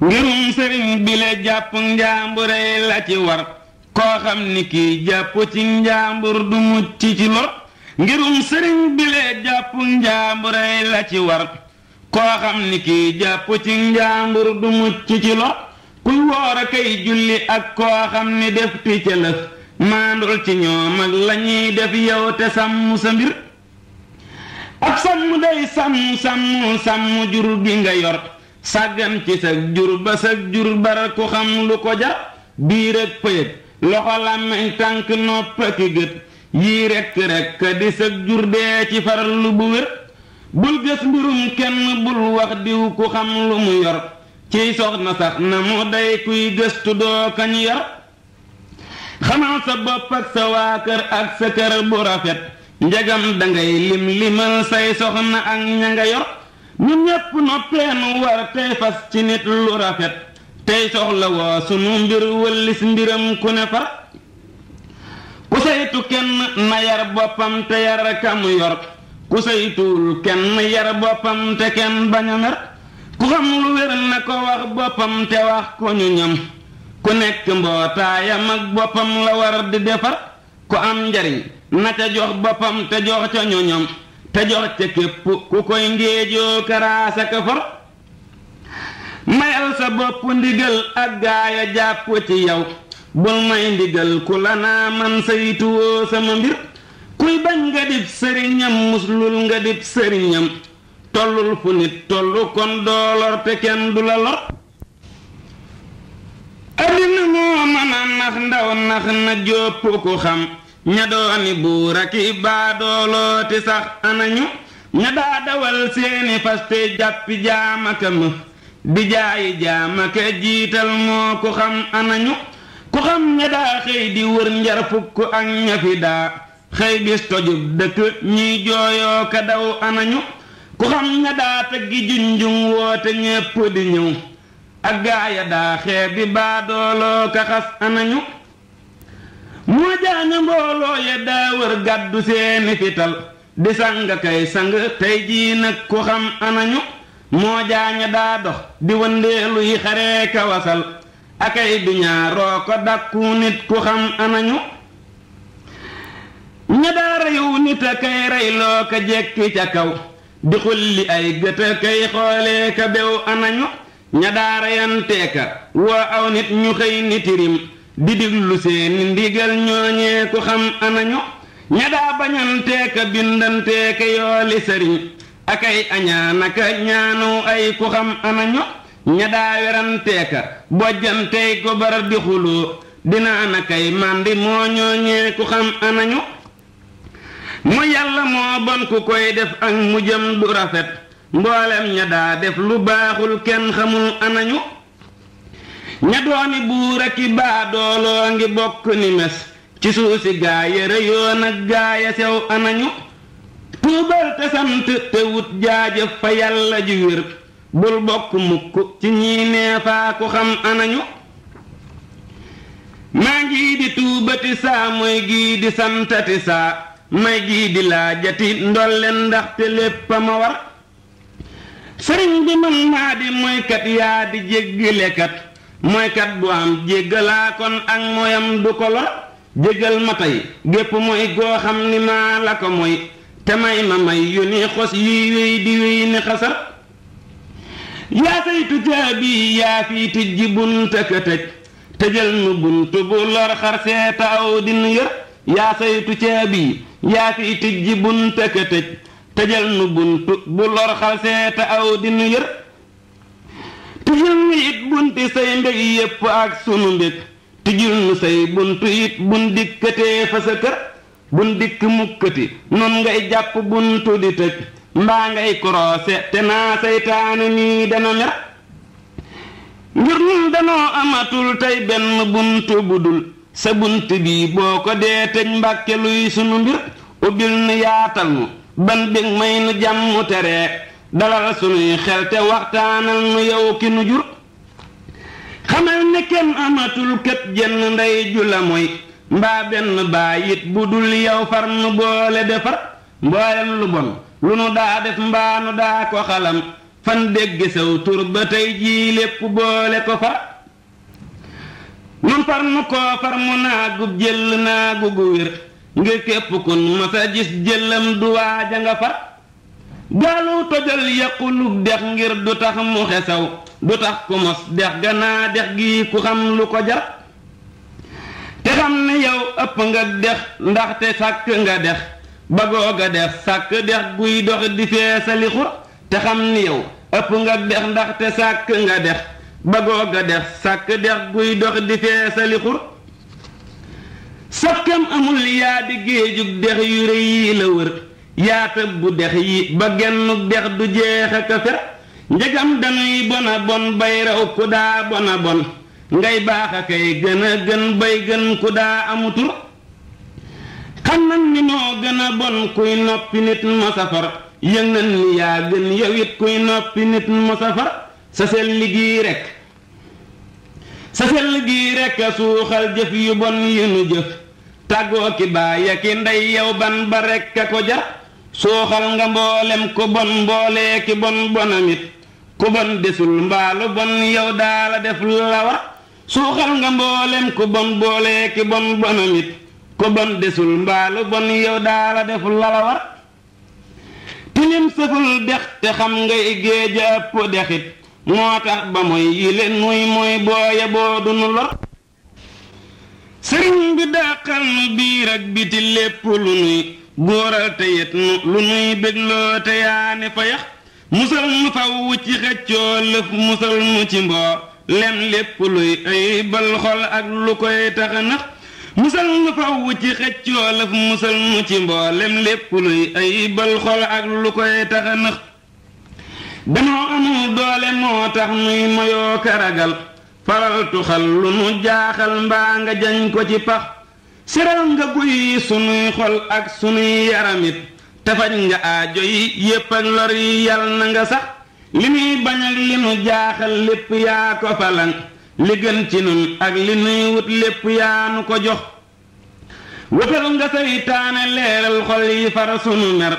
ngirum sëriñ bi le jàpp njaamburey la ci war koo xam ni kii jàpp ci njaambur du mucc ci lor ngirum sëriñ bi le jàpp njaamburey la ci war koo xam ni kii jàpp ci njaambur du mucc ci lor kuy woor a kay julli ak koo xam ni def ti ca ci ñoom ak la def yow te sàmm sa mbir ak sàmm day sàmm sàmm sàmm jur gi nga yor sàggan ci sa jur ba sa jur bara ku xam lu ko jar biir ak pëyëg loxo làmmiñ tànk nopp ak gët yii rekk rekk di sa jur dee ci farlu bu wér bul gës mbirum kenn bul wax diw ku xam lu mu yor ciy soxna sax na mu day kuy gëstu doo kañ yor xamal sa bopp ak sa waa kër ak sa kër bu rafet njagam dangay lim limal say soxna ak ña yor ñu ñépp noppeenu war tey fas ci nit lu rafet tey soxla woo sunu mbir wëllis mbiram ku ne far ku saytu kenn na yar boppam te yar kamu yor ku saytuwul kenn yar boppam te kenn bañ a mer ku xam lu wér na ko wax boppam te wax ko ñu ñam ku nekk mbootaayam ak boppam la war di defar ku am njariñ na ca jox boppam te jox ca ñu ñam te jocce képp ku koy ngéejoo karaasa ka for mayal sa bopp ndigal ak gaaya jàpp ci yow bul may ndigal ku la naa man saytuwoo sama mbir kuy bañ nga dib sëriñam muslul nga dib sëriñam tollul fu nit tollu kon doolor te kenn du la lor addina moo mën a nax ndaw nax na jópp ku xam ña dooni buur ak i baadoolooti sax anañu ña daa dawal seeni faste jàppi jaamaka ma di jaayi jaamaka jiital moo ku xam anañu ku xam ña daa xëy di wër njar fukk ak ña fi daa xëy bis tojub dëkk ñiy jooyoo ka daw anañu ku xam ña daa tëggi junjung woote ñépp di ñëw ak gaaya daa xeebi baadooloo ka xas anañu mbooloo ya daawër gàddu seeni fital di sang kay sang tey jii nag ku xam anañu moo jaaña daa dox di wëndeelu yi xaree ka wasal akay bi ñaaroo ko dàkku nit ku xam anañu ña daa reyu nit a kay reyloo ka jekki ca kaw di xulli ay gët a kay xoolee ka bew anañu ña daa reyanteeka woo aw nit ñu xëy nitirim di diglu seeni ndigal ñooñee ku xam anañu ña daa bañanteeka bindanteeka yooli sëriñ akay añaanaka ñaanu ay ku xam anañu ña daa weranteeka bojjantey gobar di xuloo dina anakay màndi moo ñooñee ku xam anañu mu yàlla moo bon ku koy def ak mu jëm bu rafet mboolem ña def lu baaxul kenn xamul anañu ña doomi buur ak i baadooloo ngi bokk ni mes ci suusi gaaya rëyoon ak gaaya sew anañu tuubal te sant te wut jaajëf fa yàlla ju wér bul bokk mukk ci ñii neefaa ku xam anañu maa ngi di tuubati saa mooy gii di santati saa may gii di laajati ndolle ndaxte lépp a ma war sëriñ bi man maa di moykat yaa di jéggile kat mooy kat bu am jéggalaa kon ak mooyam du ko lor jéggal ma tey gépp mooy goo xam ni maa la ko mooy te may ma may yu ni xos yuy wéy di wéy ni xasar yaa saytu jaabi yaa fii tijji bunta ka tëj tëjal nu bunt bu lor xar seeta aw din yër yaa saytu caabi yaa fi tijji bunta ka tëj tëjal nu bunt bu lor xar seeta aw din yër tijjil nu it bunti say mbég yépp ak sunu mbég tijjil nu say buntu it bun fa sa kër bun dikk mukkati nun ngay jàpp buntu di tëj mbaa ngay korose te naa seytaane nii dana mer ngir nun danoo amatul tey benn bunt bu dul sa bunt bii boo ko dee tëj mbàkke luy sunu mbir ubbil nu yaatal nu ban bég may nu jàmm teree dalal sunuy xel te waxtaanal nu yow ki nu jur xamal ne kenn amatul kët jenn ndey ju la mooy mbaa benn baayit bu dul yow far nu boole defar mboolem lu bon lu nu daa def mbaa nu daa ko xalam fan dégg saw tur ba tey jii lépp boole ko far nun far nu koo far mu naagub jëll naagu gu wér ngir képp kun masa gis jëllam du waaja nga far gaalu tojal yàqulug dex ngir du tax mu xesaw du tax ku mos dex ganaa dex gi ku xam lu ko jar te xam ne yow ëpp nga dex ndaxte sàkk nga dex bagoo ga dex sàkk dex guy te xam ne yow ëpp nga dex ndaxte sàkk nga dex bagoo ga dex sàkk dex guy dox di feesali xur sakkam amul yaa di géejug dex yu rëy yi la wër yaatab bu dex yi ba gennuk dex du jeex a kafe njëgam danuy bona bon bay raw ku daa bona bon ngay baax a kay gën a gën bay gën ku daa amutur xam nañ ni moo gën a bon kuy noppi nit mosafar yëg nañ ni yaa gën yow it kuy noppi nit mosafar sa sel liggéey rekk sa sel liggéey rekk a suuxal jëf yu bon yi nu jëf tàggoo ki baay ndey yow ban ba rekk a ko jar sooxal nga mboolem ku bon mboolee bon bonamit ku bon desul mbaalu bon yow daala def la war suuxal nga mboolem ku bon boolee bon bonamit ku bon desul mbaalu bon yow daala def la war tilim sëful dex te xam nga géeja ëpp dexit moo tax ba mooy yile nuy mooy booya boo dunu lor sëriñ bi dàqal nu biir ak biti lépp lu nuy booral te it lu nuy bégloo te yaane fa yax musal nu faw ci xëccoo lëf musal nu ci mboo lem lépp luy ay bal xol ak lu koy taxa nax musal nu faw ci xëccoo lëf musal nu ci mboo lem lépp luy ay bal xol ak lu koy taxa nax danoo amul doole moo tax nuy moyoo karagal faral tuxal lu nu jaaxal mbaa nga jañ ko ci pax seral nga guy sunuy xol ak sunuy yaramit te faj nga aajo yi yépp ak lor yi yal na nga sax li nuy bañ li nu jaaxal lépp yaa ko falang li gën ci nun ak li nuy wut lépp yaa nu ko jox wëtal nga seytaane leeral xol yi far sunu mer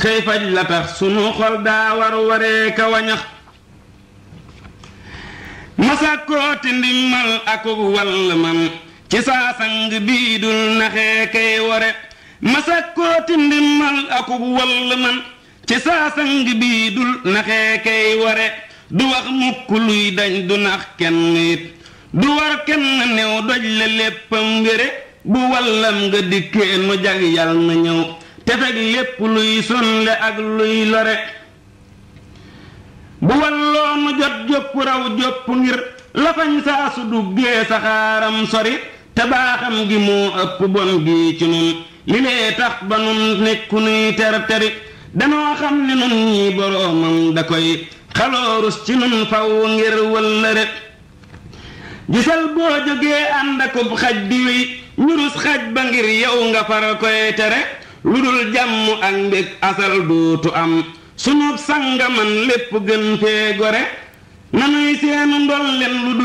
xëy faj la tax sunu xol daa war waree ka wañax masakkooti ndimmal wall man ci saa sang bii naxee kay ware masakkooti ndimmal akub wall man ci saa sang bii dul naxee kay ware du wax mukk luy dañ du nax kenn it du war kenn new doj la léppam wére bu wallam nga dikkee nu jag yal na ñëw te fekk lépp luy sonle ak luy lore bu walloonu jot jopp raw jopp ngir lafañ saa su duggee saxaaram sori te baaxam gi moo ëpp bon gi ci nun li lee tax ba nun nekku nuy ter-teri danoo xam ne nun ñi boroomam da koy xaloorus ci nun faw ngir wëllëre gisal boo jógee ànd akub xaj di wéy ñurus xaj ba ngir yow nga fara koy tere lu dul jàmm ak mbég asal duutu am suñu sangaman lépp gën fee gore nanuy seenu ndolleen lu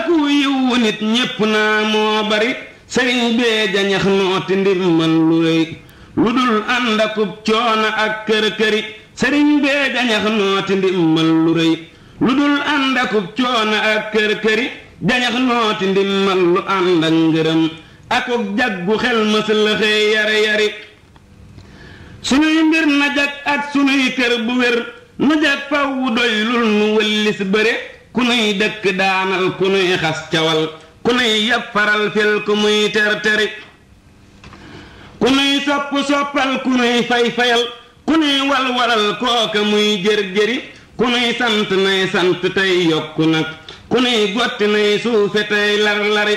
aku yiwu nit ñépp naa moo bari sëriñ bee jañax nooti ndimmal lu réy lu dul ànd akub coono ak kër-këri jañax nooti ndimmal lu réy lu dul ànd akub coono ak kër-këri jañax nooti ndimmal lu ànd ak ngërëm akuk jaggu xel masalëxee yari yari suñuy mbir na jag ak suñuy kër bu wér na jag faw doy lul nu wëllis bëre ku nuy dëkk daanal ku nuy xas cawal ku nuy yab faral fil ku muy terteri ku nuy sopp soppal ku nuy fay fayal kooka muy jër jëri sant nay sant tey yokku nag ku nuy gotti nay suufe tey lar lari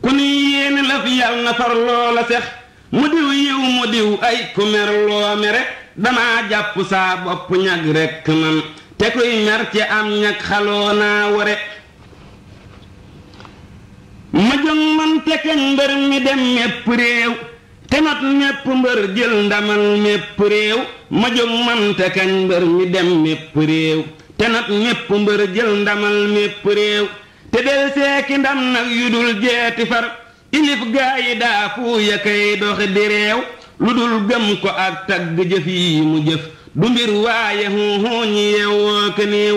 ku yéene la fi yàlla na far loola sex mu diw yiw mu diw ay ku mer loo mere dama jàpp saa bopp ñag rekk man te kuy mer ci am ñag xaloo naa ware ma jong man mbër mi dem mépp réew te not mépp mbër jël ndamal mépp réew mi dem mépp réew te del seeki ndam nag yu dul jeeti far ilif gaa yi daa fuu di réew lu dul gëm ko ak tagg jëf yi mu jëf du mbir waaye xuuxuuñ yeewoo ka néew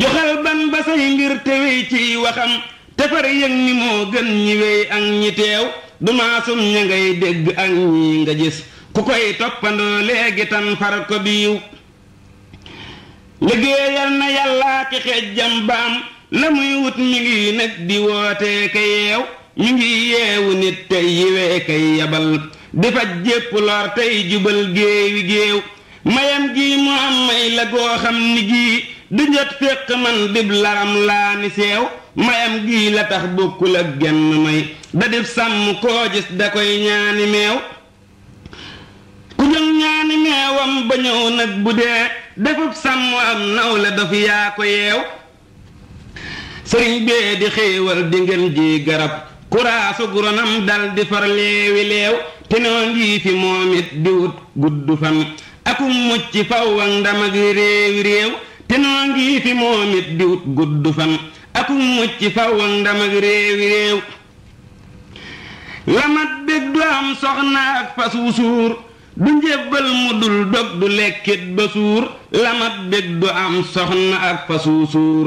joxal ban ba say mbir te wey ciy waxam te far yëg ni moo gën ñi wey ak ñi teew du maasum ña ngay dégg ak ñi nga gis ku koy toppandoo léegi tan far ko biiw liggéeyal na yàllaa ki xejjam baam la muy wut mi ngi nag di wootee yeew mi ngi yeewu nit te yiwee kay yabal di faj jépp lor tey jubal géewi géew mayam gi mu am may la goo xam ni gii du njot féq man dib laram laa ni seew mayam gii la tax bokkul ak genn may da dib sàmm koo gis da koy ñaani meew ku jóg ñaani meewam ba ñëw nag bu dee defub sàmm am naw la dafa yaa ko yeew sëriñ bee di xéewal di ngeen ji garab kuraasu guronam dal di far leewi leew te noo di wut gudd fan akum mucc faw ndam ak réewi réew te noo di wut gudd fan akum mucc faw ndam ak réewi réew lamat bég du am soxna ak fas suur du njébbal mu dul dog du lekkit ba suur lamat bég du am soxna ak fas suur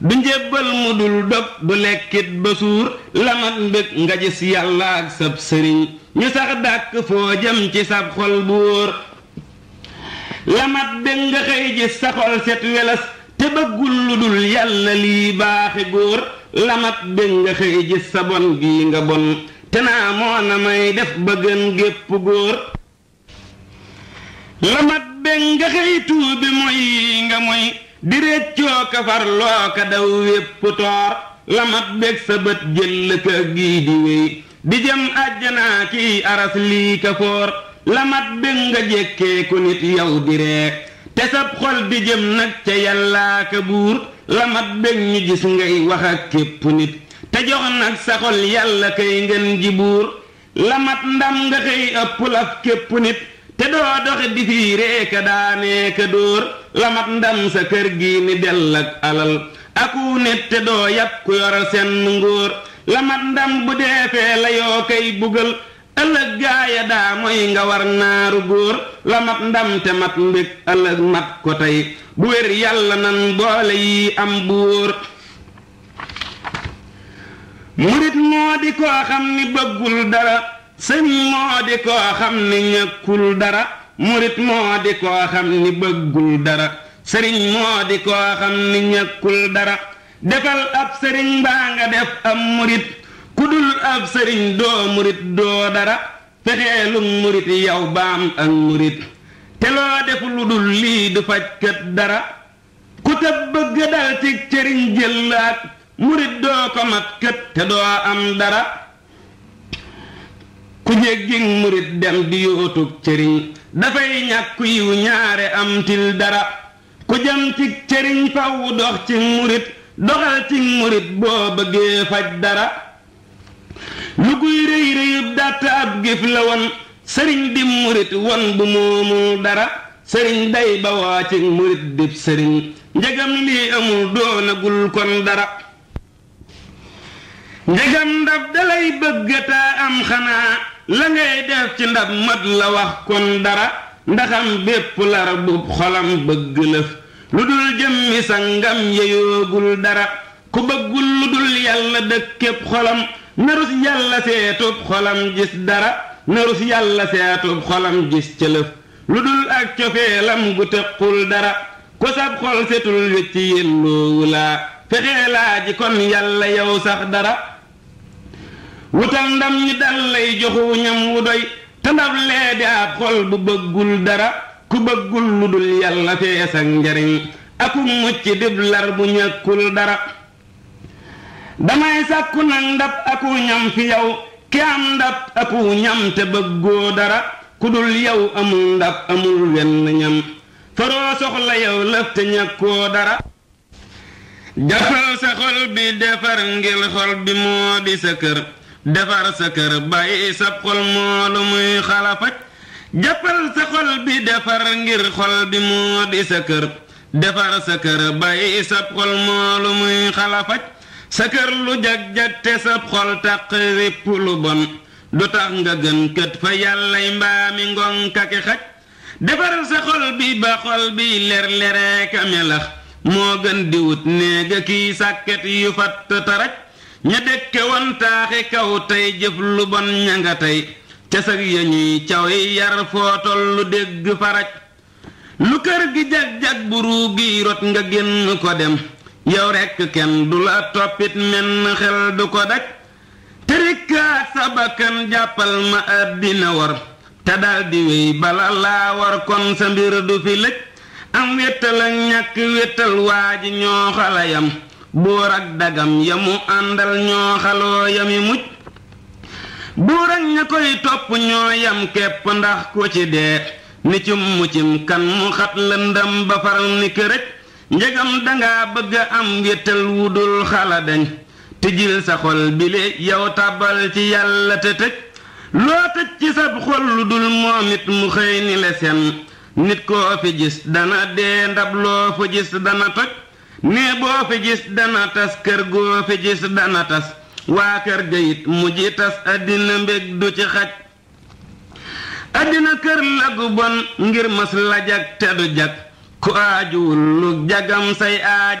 du njébbal mu dul dog du lekkit ba suur lamat mbëg nga gis yàlla ak sab sëriñ ñu sax dàkk foo jëm ci sab xol bu wóor lamat bëgg nga xëy gis sa xol set welas te bëggul lu dul yàlla lii baaxe góor lamat bëgg nga xëy gis sa bon gii nga bon te naa moo may def ba gën gépp góor lamat bëgg nga xëy tuubi moy nga moy di réccoo ka farloo daw wépp toor la bég sa bët jël ka gii di wéy di jëm àjjanaa kii aras lii ka foor la mat bég nga jékkee ku nit yow di ree te sab xol di jëm nag ca yàllaa ka buur la mat bég ñu gis ngay wax ak képp nit te jox nag sa xol yàlla kay ngeen ji buur la ndam nga xëy ëpp laf képp nit te doo di fii ree daanee ka dóor lamat mat ndam sa kër gi ni dell ak alal aku nit te doo yàpp ku yora seen ngóor la mat ndam bu deefee la kay bugal ëllëg gaaya daa mooy nga war naaru góor lamat mat ndam te mat mbég ëllëg mat ko tey bu wér yàlla nan boole yi am bu wóor murit moo di koo xam ni bëggul dara sëñ moo di koo xam ni ñàkkul dara murit moo di koo xam ni bëggul dara sëriñ moo di koo xam ni ñàkkul dara defal ab sëriñ baa nga def ab murit ku dul ab sëriñ doo murit doo dara fexeelum murit yow baam ak murit te loo def lu dul lii du fajkat dara ku tëb bëgg dal ci cëriñ jël ak murit doo ko mat kët te doo am dara ku jéggin murit dem di yootug cëriñ dafay ñàkku yiw ñaare am til dara ku jëm ci cëriñ faw dox ci murit doxal ci murit boo bëggee faj dara lu kuy rëy rëyub dàtt ab gif la won sëriñ di murit won bu moomul dara sëriñ day bawaa ci murit dib sëriñ njëgam lii amul doonagul kon dara njëgam ndab dalay bëggataa am xanaa la ngay def ci ndab mat la wax kon dara ndaxam bépp lar bu xolam bëgg lëf lu dul jëmmi sa ngam yeyoogul dara ku bëggul lu dul yàlla dëkképp xolam narus yàlla seetub xolam gis dara narus yàlla seetub xolam gis ca lu dul ak cofeelam gu tëqul dara ko sab xol setul la yelloowulaa ji kon yàlla yow sax dara wutal ndam ñi dal lay joxu ñam wu doy te ndab lee di xol bu bëggul dara ku bëggul lu dul yàlla fees ak njariñ aku mucc dib lar bu ñàkkul dara damay sàkku na ndab aku ñam fi yow ki am ndab aku ñam te bëggoo dara ku dul yow amul ndab amul wenn ñam faroo soxla yow lëf ñàkkoo dara jafal sa xol bi defar ngir xol bi moo di sa kër defar sa kër bàyyi sa xol moo lu muy xalafaj jàppal sa xol bi defar ngir xol bi moo di sa kër defar sa kër bàyyi sa xol moo lu muy xalafaj sa kër lu jag-jag te sa xol taq ripp lu bon du tax nga gën kët fa yàllay mbaami ngoŋ kaki xaj defar sa xol bi ba xol bi ler leree ka melax moo gën di wut néega kii sàkket yu fatt taraj ña dëkke woon taaxi kaw tey jëf lu bon ña nga tey casag ya ñuy caw yi yar footol lu dégg faraj lu kër gi jag-jag bu ruu gi rot nga génn ko dem yow rekk kenn du la toppit menn xel du ko daj tërikaat sa bakkan jàppal ma àddina war te daldi wéy bala la war kon sa mbir du fi lëj am wéttal ak ñàkk waa ji ñoo xala yam buur ak dagam ya mu àndal ñoo xaloo yami muj buur ak ña koy topp ñoo yam kepp ndax ku ci dee ni cum mucim kan mu xat lëndam ba far ni kërëj njegam danga bëgga am wétal wudul xala dañ tijil sa yow tabal ci yàlla te tëj loo tëj ci sab xol lu dul moom it mu xëy ni le nit koo fi dana dee ndab loo fa dana toj nee boo fi gis dana tas kër goo fi gis dana tas waa kër ga it mujj tas àddina mbég du ci xaj àddina kër la bon ngir mas la jag te jag ku aajuwul lu jagam say aaj